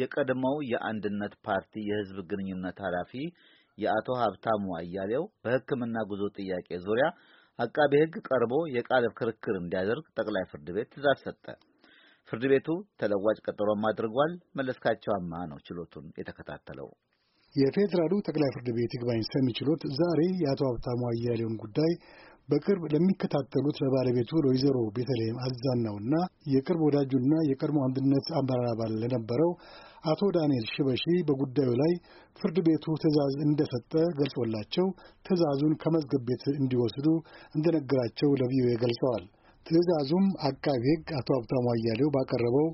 የቀድሞው የአንድነት ፓርቲ የህዝብ ግንኙነት ኃላፊ የአቶ ሀብታሙ አያሌው በሕክምና ጉዞ ጥያቄ ዙሪያ አቃቤ ሕግ ቀርቦ የቃለ ክርክር እንዲያደርግ ጠቅላይ ፍርድ ቤት ትእዛዝ ሰጠ። ፍርድ ቤቱ ተለዋጭ ቀጠሮም አድርጓል። መለስካቸው አማ ነው ችሎቱን የተከታተለው። የፌዴራሉ ጠቅላይ ፍርድ ቤት ይግባኝ ሰሚ ችሎት ዛሬ የአቶ ሀብታሙ አያሌውን ጉዳይ በቅርብ ለሚከታተሉት ለባለቤቱ ለወይዘሮ ቤተልሔም አዛናውና የቅርብ ወዳጁና የቀድሞ አንድነት አመራር አባል ለነበረው አቶ ዳንኤል ሽበሺ በጉዳዩ ላይ ፍርድ ቤቱ ትዕዛዝ እንደሰጠ ገልጾላቸው ትዕዛዙን ከመዝገብ ቤት እንዲወስዱ እንደነገራቸው ለቪኦኤ ገልጸዋል። ትዕዛዙም አቃቢ ሕግ አቶ ሀብታሙ አያሌው ባቀረበው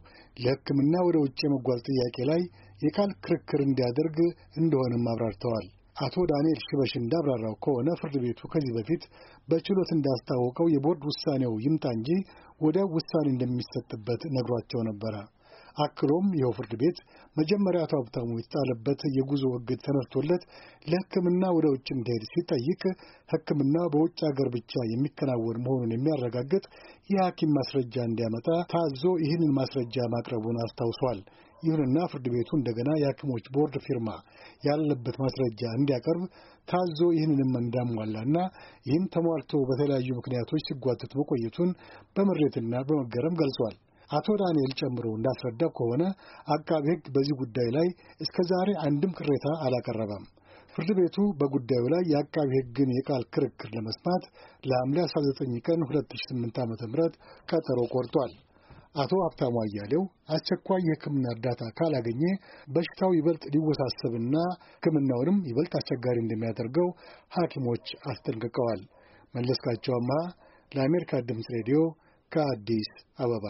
ለሕክምና ወደ ውጭ የመጓዝ ጥያቄ ላይ የቃል ክርክር እንዲያደርግ እንደሆነም አብራርተዋል። አቶ ዳንኤል ሽበሽ እንዳብራራው ከሆነ ፍርድ ቤቱ ከዚህ በፊት በችሎት እንዳስታወቀው የቦርድ ውሳኔው ይምጣ እንጂ ወዲያው ውሳኔ እንደሚሰጥበት ነግሯቸው ነበረ። አክሎም ይኸው ፍርድ ቤት መጀመሪያ አቶ ሀብታሙ የተጣለበት የጉዞ እግድ ተነስቶለት ለሕክምና ወደ ውጭ እንዲሄድ ሲጠይቅ ሕክምና በውጭ ሀገር ብቻ የሚከናወን መሆኑን የሚያረጋግጥ የሐኪም ማስረጃ እንዲያመጣ ታዞ ይህንን ማስረጃ ማቅረቡን አስታውሷል። ይሁንና ፍርድ ቤቱ እንደገና የሐኪሞች ቦርድ ፊርማ ያለበት ማስረጃ እንዲያቀርብ ታዞ ይህንንም እንዳሟላና ይህም ተሟልቶ በተለያዩ ምክንያቶች ሲጓተት መቆየቱን በምሬትና በመገረም ገልጿል። አቶ ዳንኤል ጨምሮ እንዳስረዳው ከሆነ አቃቢ ሕግ በዚህ ጉዳይ ላይ እስከ ዛሬ አንድም ቅሬታ አላቀረበም። ፍርድ ቤቱ በጉዳዩ ላይ የአቃቢ ሕግን የቃል ክርክር ለመስማት ለሐምሌ 19 ቀን 2008 ዓ ም ቀጠሮ ቆርጧል። አቶ ሀብታሙ አያሌው አስቸኳይ የሕክምና እርዳታ ካላገኘ በሽታው ይበልጥ ሊወሳሰብና ሕክምናውንም ይበልጥ አስቸጋሪ እንደሚያደርገው ሐኪሞች አስጠንቅቀዋል። መለስካቸው አማሃ ለአሜሪካ ድምፅ ሬዲዮ ከአዲስ አበባ